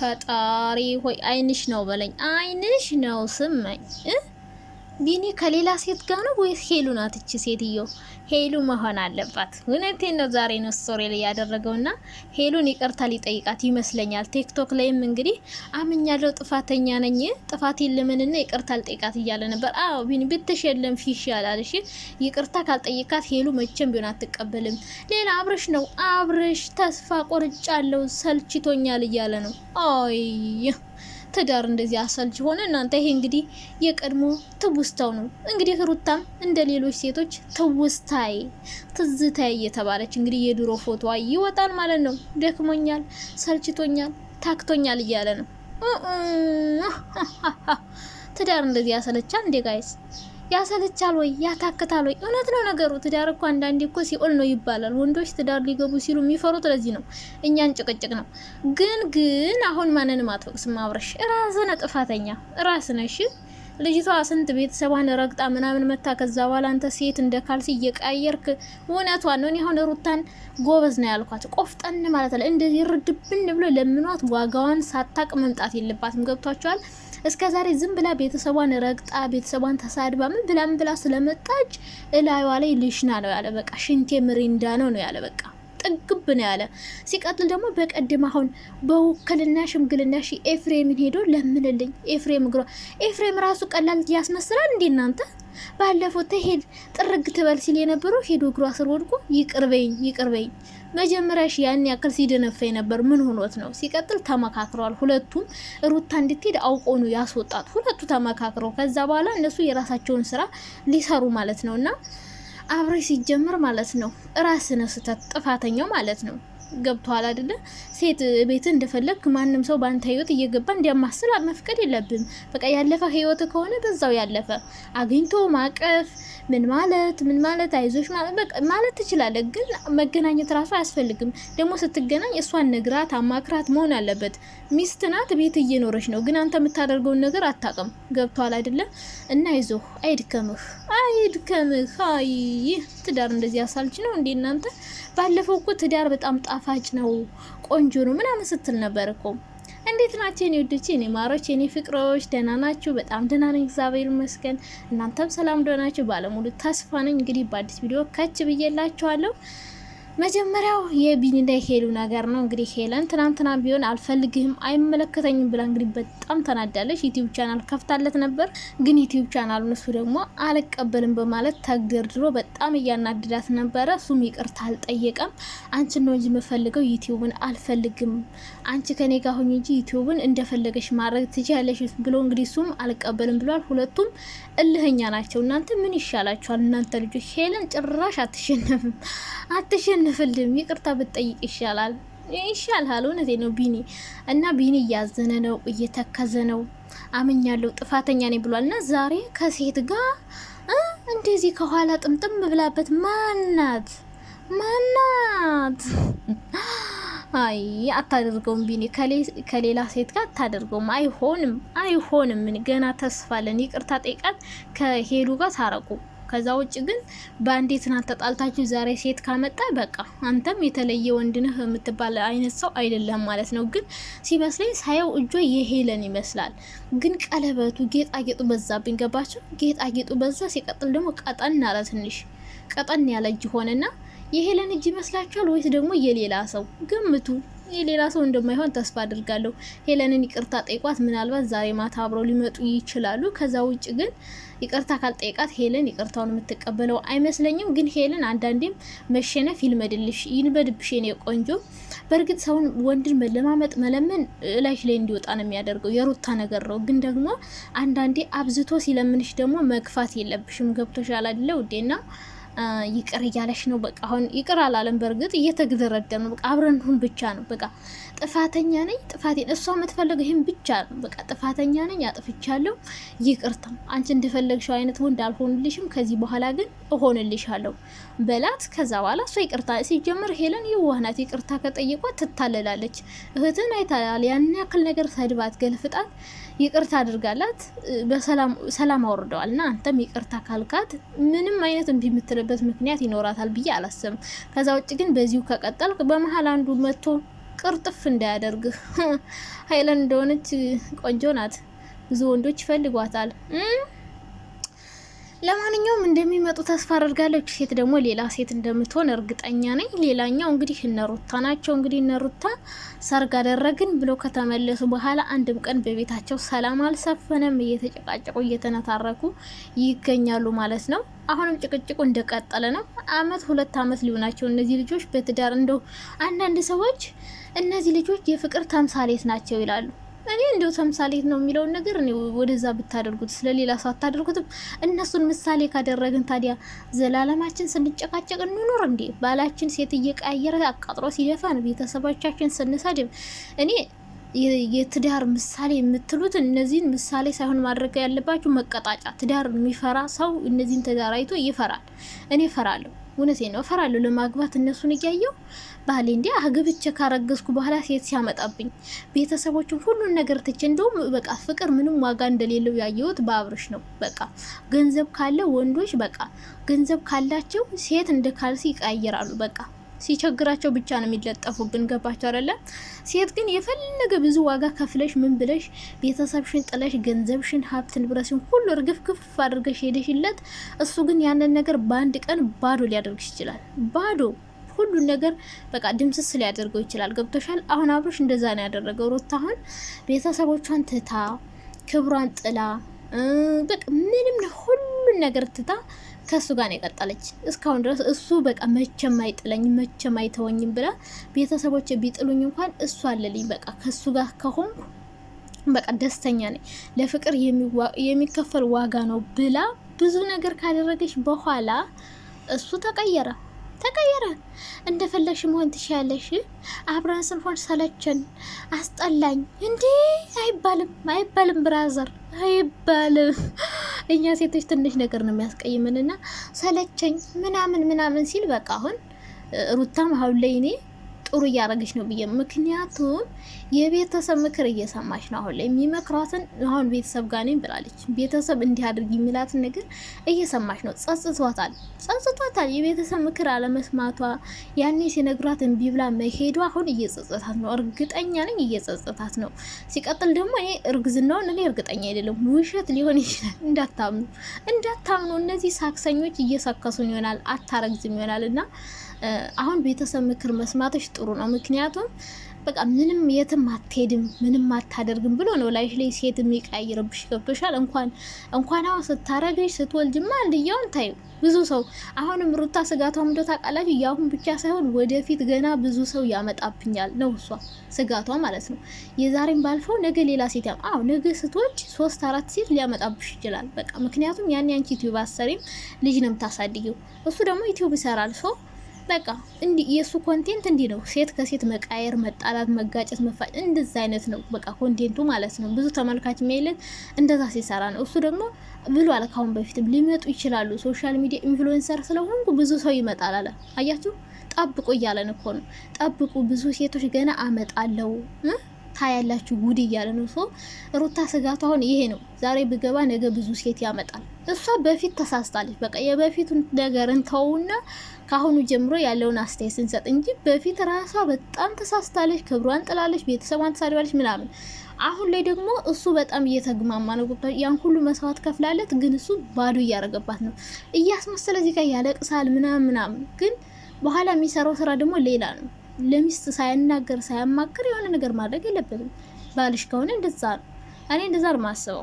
ፈጣሪ ሆይ አይንሽ ነው በለኝ። አይንሽ ነው ስመኝ ቢኒ ከሌላ ሴት ጋር ነው ወይስ ሄሉ ናት? እቺ ሴትዮ ሄሉ መሆን አለባት። እውነቴን ነው። ዛሬ ነው ስቶሪ ላይ ያደረገውና ሄሉን ይቅርታ ሊጠይቃት ይመስለኛል። ቲክቶክ ላይም እንግዲህ አምኛለሁ፣ ጥፋተኛ ነኝ፣ ጥፋቴን ልመንና ይቅርታ ልጠይቃት እያለ ነበር። አዎ ቢኒ ብትሸለም ፊሽ ያላል። እሺ ይቅርታ ካልጠይቃት ሄሉ መቼም ቢሆን አትቀበልም። ሌላ አብረሽ ነው አብረሽ ተስፋ ቆርጫለው ሰልችቶኛል እያለ ነው። አይ ትዳር እንደዚህ አሰልች ሆነ። እናንተ ይሄ እንግዲህ የቀድሞ ትውስታው ነው። እንግዲህ ሩታም እንደ ሌሎች ሴቶች ትውስታዬ፣ ትዝታዬ እየተባለች እንግዲህ የድሮ ፎቶ ይወጣል ማለት ነው። ደክሞኛል፣ ሰልችቶኛል፣ ታክቶኛል እያለ ነው። ትዳር እንደዚህ ያሰለቻል እንዴ ጋይስ? ያሰለቻል ወይ ያታክታል ወይ? እውነት ነው ነገሩ። ትዳር እኮ አንዳንዴ እኮ ሲኦል ነው ይባላል። ወንዶች ትዳር ሊገቡ ሲሉ የሚፈሩት ለዚህ ነው። እኛን ጭቅጭቅ ነው። ግን ግን አሁን ማንንም አትወቅስም አብረሽ ራስነ ጥፋተኛ ራስ ነሽ። ልጅቷ ስንት ቤተሰቧን ረግጣ ምናምን መታ። ከዛ በኋላ አንተ ሴት እንደ ካልሲ እየቀያየርክ እውነቷን ነው። እኔ አሁን ሩታን ጎበዝ ነው ያልኳት፣ ቆፍጠን ማለት አለ እንደዚህ ርድብን ብሎ ለምኗት ዋጋዋን ሳታቅ መምጣት የለባትም። ገብቷቸዋል። እስከ ዛሬ ዝም ብላ ቤተሰቧን ረግጣ ቤተሰቧን ተሳድባ ምን ብላ ምን ብላ ስለመጣች እላዩዋ ላይ ልሽና ነው ያለ በቃ ሽንቴ ምሪንዳ ነው ነው ያለ በቃ ጥግብ ነው ያለ። ሲቀጥል ደግሞ በቀድም አሁን በውክልና ሽምግልናሽ ኤፍሬምን ሄዶ ለምንልኝ ኤፍሬም እግሯ ኤፍሬም ራሱ ቀላል ያስመስላል እንዴ እናንተ? ባለፈው ተሄድ ጥርግ ትበል ሲል የነበረው ሄዶ እግሯ ስር ወድቆ ይቅርበኝ ይቅርበኝ። መጀመሪያሽ ያን ያክል ሲደነፋ ነበር። ምን ሆኖት ነው? ሲቀጥል ተመካክረዋል። ሁለቱም ሩታ እንድትሄድ አውቆ ነው ያስወጣት። ሁለቱ ተመካክረው ከዛ በኋላ እነሱ የራሳቸውን ስራ ሊሰሩ ማለት ነው እና አብሬ ሲጀምር ማለት ነው ራስን ስህተት ጥፋተኛው ማለት ነው ገብቶሃል አይደለ? ሴት ቤት እንደፈለግ ማንም ሰው በአንተ ህይወት እየገባ እንዲያማስል መፍቀድ የለብም። በቃ ያለፈ ህይወት ከሆነ በዛው ያለፈ አግኝቶ ማቀፍ ምን ማለት ምን ማለት አይዞሽ ማለት ትችላለህ፣ ግን መገናኘት ራሱ አያስፈልግም። ደግሞ ስትገናኝ እሷን ነግራት አማክራት መሆን አለበት። ሚስት ናት፣ ቤት እየኖረች ነው፣ ግን አንተ የምታደርገውን ነገር አታውቅም። ገብቶሃል አይደለም? እና ይዞህ አይድከምህ አይድከምህ። አይ ትዳር እንደዚህ አሳልች ነው እንዴ እናንተ ባለፈው እኮ ትዳር በጣም ጣፋጭ ነው ቆንጆ ነው ምናምን ስትል ነበር እኮ። እንዴት ናቸው የኔ ውዶች፣ የኔ ማሮች፣ የኔ ፍቅሮች? ደህና ናችሁ? በጣም ደህና ነኝ እግዚአብሔር ይመስገን። እናንተም ሰላም እንደሆናችሁ ባለሙሉ ተስፋ ነኝ። እንግዲህ በአዲስ ቪዲዮ ከች ብዬላችኋለሁ። መጀመሪያው የቢኒና ሄሉ ነገር ነው። እንግዲህ ሄለን ትናንትና ቢሆን አልፈልግህም፣ አይመለከተኝም ብላ እንግዲህ በጣም ተናዳለች። ዩቲዩብ ቻናል ከፍታለት ነበር፣ ግን ዩቲዩብ ቻናል እሱ ደግሞ አልቀበልም በማለት ተግደርድሮ በጣም እያናድዳት ነበረ። እሱም ይቅርታ አልጠየቀም። አንቺ ነው እንጂ የምፈልገው ዩቲዩብን አልፈልግም፣ አንቺ ከኔ ጋር ሁኝ እንጂ ዩቲዩብን እንደፈለገች ማድረግ ትችያለሽ ብሎ እንግዲህ እሱም አልቀበልም ብሏል። ሁለቱም እልህኛ ናቸው። እናንተ ምን ይሻላችኋል? እናንተ ልጆች ሄለን ጭራሽ አትሸነፍም አትሸነፍም አይከነፍልም። ይቅርታ ብትጠይቅ ይሻላል ይሻልሃል። እውነቴ ነው ቢኒ እና ቢኒ እያዘነ ነው፣ እየተከዘ ነው። አምኛለሁ ጥፋተኛ ነኝ ብሏል። እና ዛሬ ከሴት ጋር እንደዚህ ከኋላ ጥምጥም ብላበት ማናት ማናት? አይ አታደርገውም ቢኒ፣ ከሌላ ሴት ጋር አታደርገውም። አይሆንም አይሆንም። ገና ተስፋለን። ይቅርታ ጠይቃት፣ ከሄዱ ጋር ታረቁ። ከዛ ውጭ ግን በአንዴ ትናንት ተጣልታችሁ ዛሬ ሴት ካመጣ በቃ አንተም የተለየ ወንድ ነህ የምትባል አይነት ሰው አይደለም ማለት ነው። ግን ሲመስለኝ ሳየው እጇ የሄለን ይመስላል። ግን ቀለበቱ፣ ጌጣጌጡ በዛብኝ። ገባችሁ? ጌጣጌጡ በዛ። ሲቀጥል ደግሞ ቀጠን አለ ትንሽ ቀጠን ያለ እጅ ሆነና የሄለን እጅ ይመስላችኋል ወይስ ደግሞ የሌላ ሰው? ግምቱ? የሌላ ሰው እንደማይሆን ተስፋ አድርጋለሁ። ሄለንን ይቅርታ ጠይቋት። ምናልባት ዛሬ ማታ አብረው ሊመጡ ይችላሉ። ከዛ ውጭ ግን ይቅርታ ካልጠይቃት ሄለን ይቅርታውን የምትቀበለው አይመስለኝም። ግን ሄለን አንዳንዴም መሸነፍ ይልመድልሽ ይልመድብሽ የኔ ቆንጆ። በእርግጥ ሰውን ወንድን መለማመጥ መለመን እላሽ ላይ እንዲወጣ ነው የሚያደርገው የሩታ ነገር ነው። ግን ደግሞ አንዳንዴ አብዝቶ ሲለምንሽ ደግሞ መግፋት የለብሽም። ገብቶሻል አይደለ ውዴና ይቅር እያለች ነው። በቃ አሁን ይቅር አላለም። በእርግጥ እየተግደረደር ነው። በቃ አብረን ሁን ብቻ ነው በቃ ጥፋተኛ ነኝ፣ ጥፋቴን እሷ የምትፈልገው ይህን ብቻ ነው። በቃ ጥፋተኛ ነኝ፣ አጥፍቻለሁ፣ ይቅርታ፣ አንቺ እንደፈለግሽው አይነት ወንድ አልሆንልሽም፣ ከዚህ በኋላ ግን እሆንልሻለሁ በላት። ከዛ በኋላ እሷ ይቅርታ ሲጀምር ሄለን የዋህ ይቅርታ ከጠየቋት ትታለላለች። እህትን አይታል ያን ያክል ነገር ሰድባት፣ ገልፍጣት ይቅርታ አድርጋላት በሰላም አውርደዋል። እና አንተም ይቅርታ ካልካት ምንም አይነት እምቢ የምትልበት ምክንያት ይኖራታል ብዬ አላስብም። ከዛ ውጭ ግን በዚሁ ከቀጠል በመሀል አንዱ መጥቶ ቅርጥፍ እንዳያደርግ! ሀይለን እንደሆነች ቆንጆ ናት፣ ብዙ ወንዶች ይፈልጓታል። ለማንኛውም እንደሚመጡ ተስፋ አደርጋለች። ሴት ደግሞ ሌላ ሴት እንደምትሆን እርግጠኛ ነኝ። ሌላኛው እንግዲህ እነሩታ ናቸው። እንግዲህ እነሩታ ሰርግ አደረግን ብሎ ከተመለሱ በኋላ አንድም ቀን በቤታቸው ሰላም አልሰፈነም። እየተጨቃጨቁ እየተነታረኩ ይገኛሉ ማለት ነው። አሁንም ጭቅጭቁ እንደቀጠለ ነው። አመት ሁለት አመት ሊሆናቸው እነዚህ ልጆች በትዳር እንደው አንዳንድ ሰዎች እነዚህ ልጆች የፍቅር ተምሳሌት ናቸው ይላሉ። እኔ እንደው ተምሳሌት ነው የሚለውን ነገር እኔ ወደዛ ብታደርጉት ስለሌላ ሰው አታደርጉትም። እነሱን ምሳሌ ካደረግን ታዲያ ዘላለማችን ስንጨቃጨቅ እንኖር እንዴ? ባላችን ሴት እየቀያየረ አቃጥሮ ሲደፋን ቤተሰቦቻችን ስንሰድብ እኔ የትዳር ምሳሌ የምትሉት እነዚህን ምሳሌ ሳይሆን ማድረግ ያለባችሁ መቀጣጫ። ትዳር የሚፈራ ሰው እነዚህን ትዳር አይቶ ይፈራል። እኔ ፈራለሁ። እውነቴ ነው። እፈራለሁ ለማግባት እነሱን እያየው ባህሌ እንዲህ አግብቼ ካረገዝኩ በኋላ ሴት ሲያመጣብኝ ቤተሰቦችን ሁሉን ነገር ትቼ እንደውም በቃ ፍቅር ምንም ዋጋ እንደሌለው ያየሁት በአብርሽ ነው። በቃ ገንዘብ ካለ ወንዶች በቃ ገንዘብ ካላቸው ሴት እንደ ካልሲ ይቀያየራሉ። በቃ ሲቸግራቸው ብቻ ነው የሚለጠፉብን። ገባቸው አይደለም? ሴት ግን የፈለገ ብዙ ዋጋ ከፍለሽ ምን ብለሽ ቤተሰብሽን ጥለሽ ገንዘብሽን፣ ሀብት ንብረትሽን ሁሉ እርግፍ ግፍ አድርገሽ ሄደሽለት፣ እሱ ግን ያንን ነገር በአንድ ቀን ባዶ ሊያደርግሽ ይችላል። ባዶ ሁሉን ነገር በቃ ድምስስ ሊያደርገው ይችላል። ገብቶሻል? አሁን አብሮሽ እንደዛ ነው ያደረገው። ሩታ አሁን ቤተሰቦቿን ትታ ክብሯን ጥላ በቃ ምንም ሁሉን ነገር ትታ ከእሱ ጋር ነው የቀጠለች እስካሁን ድረስ። እሱ በቃ መቼም አይጥለኝም መቼም አይተወኝም ብላ ቤተሰቦች ቢጥሉኝ እንኳን እሱ አለልኝ። በቃ ከእሱ ጋር ከሆን በቃ ደስተኛ ነኝ። ለፍቅር የሚከፈል ዋጋ ነው ብላ ብዙ ነገር ካደረገች በኋላ እሱ ተቀየረ ተቀየረ። እንደፈለግሽ መሆን ትችያለሽ፣ አብረን ስንሆን ሰለችን፣ አስጠላኝ። እንዴ አይባልም አይባልም፣ ብራዘር አይባልም። እኛ ሴቶች ትንሽ ነገር ነው የሚያስቀይምንና ሰለቸኝ ምናምን ምናምን ሲል በቃ አሁን ሩታም አሁን ላይ እኔ ጥሩ እያደረገች ነው ብዬ ምክንያቱም የቤተሰብ ምክር እየሰማች ነው። አሁን ላይ የሚመክሯትን አሁን ቤተሰብ ጋር ነኝ ብላለች። ቤተሰብ እንዲህ አድርግ የሚላትን ነገር እየሰማች ነው። ጸጽቷታል፣ ጸጽቷታል። የቤተሰብ ምክር አለመስማቷ፣ ያኔ ሲነግሯት እምቢ ብላ መሄዷ አሁን እየጸጸታት ነው። እርግጠኛ ነኝ እየጸጸታት ነው። ሲቀጥል ደግሞ እኔ እርግዝናውን እኔ እርግጠኛ አይደለም፣ ውሸት ሊሆን ይችላል። እንዳታምኑ፣ እንዳታምኑ። እነዚህ ሳክሰኞች እየሰከሱን ይሆናል፣ አታረግዝም ይሆናል እና አሁን ቤተሰብ ምክር መስማቶች ጥሩ ነው። ምክንያቱም በቃ ምንም የትም አትሄድም፣ ምንም አታደርግም ብሎ ነው ላይሽ ላይ ሴት የሚቀያይርብሽ። ገብቶሻል? እንኳን እንኳን አሁን ስታረግሽ ስትወልጅማ እንድያውን ታዩ ብዙ ሰው አሁንም ሩታ ስጋቷ ምንዶ ታውቃላችሁ? የአሁን ብቻ ሳይሆን ወደፊት ገና ብዙ ሰው ያመጣብኛል ነው እሷ ስጋቷ ማለት ነው። የዛሬም ባልፈው ነገ ሌላ ሴት ያም ነገ ስትወልጅ ሶስት አራት ሴት ሊያመጣብሽ ይችላል። በቃ ምክንያቱም ያን ያንቺ ዩቲዩብ አሰሪም ልጅ ነው የምታሳድጊው፣ እሱ ደግሞ ዩቲዩብ ይሰራል ሰው በቃ እንዲ የእሱ ኮንቴንት እንዲ ነው። ሴት ከሴት መቃየር፣ መጣላት፣ መጋጨት፣ መፋጭ እንደዛ አይነት ነው። በቃ ኮንቴንቱ ማለት ነው። ብዙ ተመልካች የሚያይለት እንደዛ ሲሰራ ነው። እሱ ደግሞ ብሏል ካሁን በፊትም ሊመጡ ይችላሉ። ሶሻል ሚዲያ ኢንፍሉዌንሰር ስለሆንኩ ብዙ ሰው ይመጣል አለ። አያችሁ፣ ጠብቁ እያለን እኮ ነው። ጠብቁ ብዙ ሴቶች ገና አመጣለው ታያላችሁ ጉድ እያለ ነው። ሰው ሩታ ስጋቱ አሁን ይሄ ነው። ዛሬ ብገባ ነገ ብዙ ሴት ያመጣል። እሷ በፊት ተሳስታለች። በቃ የበፊቱ ነገር እንተውና ከአሁኑ ጀምሮ ያለውን አስተያየት ስንሰጥ እንጂ በፊት ራሷ በጣም ተሳስታለች። ክብሯን ጥላለች፣ ቤተሰቧን ተሳድባለች ምናምን። አሁን ላይ ደግሞ እሱ በጣም እየተግማማ ነው። ያን ሁሉ መስዋዕት ከፍላለት፣ ግን እሱ ባዶ እያረገባት ነው። እያስመሰለ እዚህ ጋር ያለቅሳል ምናምን ምናምን፣ ግን በኋላ የሚሰራው ስራ ደግሞ ሌላ ነው። ለሚስት ሳይናገር ሳያማክር የሆነ ነገር ማድረግ የለበትም። ባልሽ ከሆነ እንደዛ ነው። እኔ እንደዛ ነው የማስበው።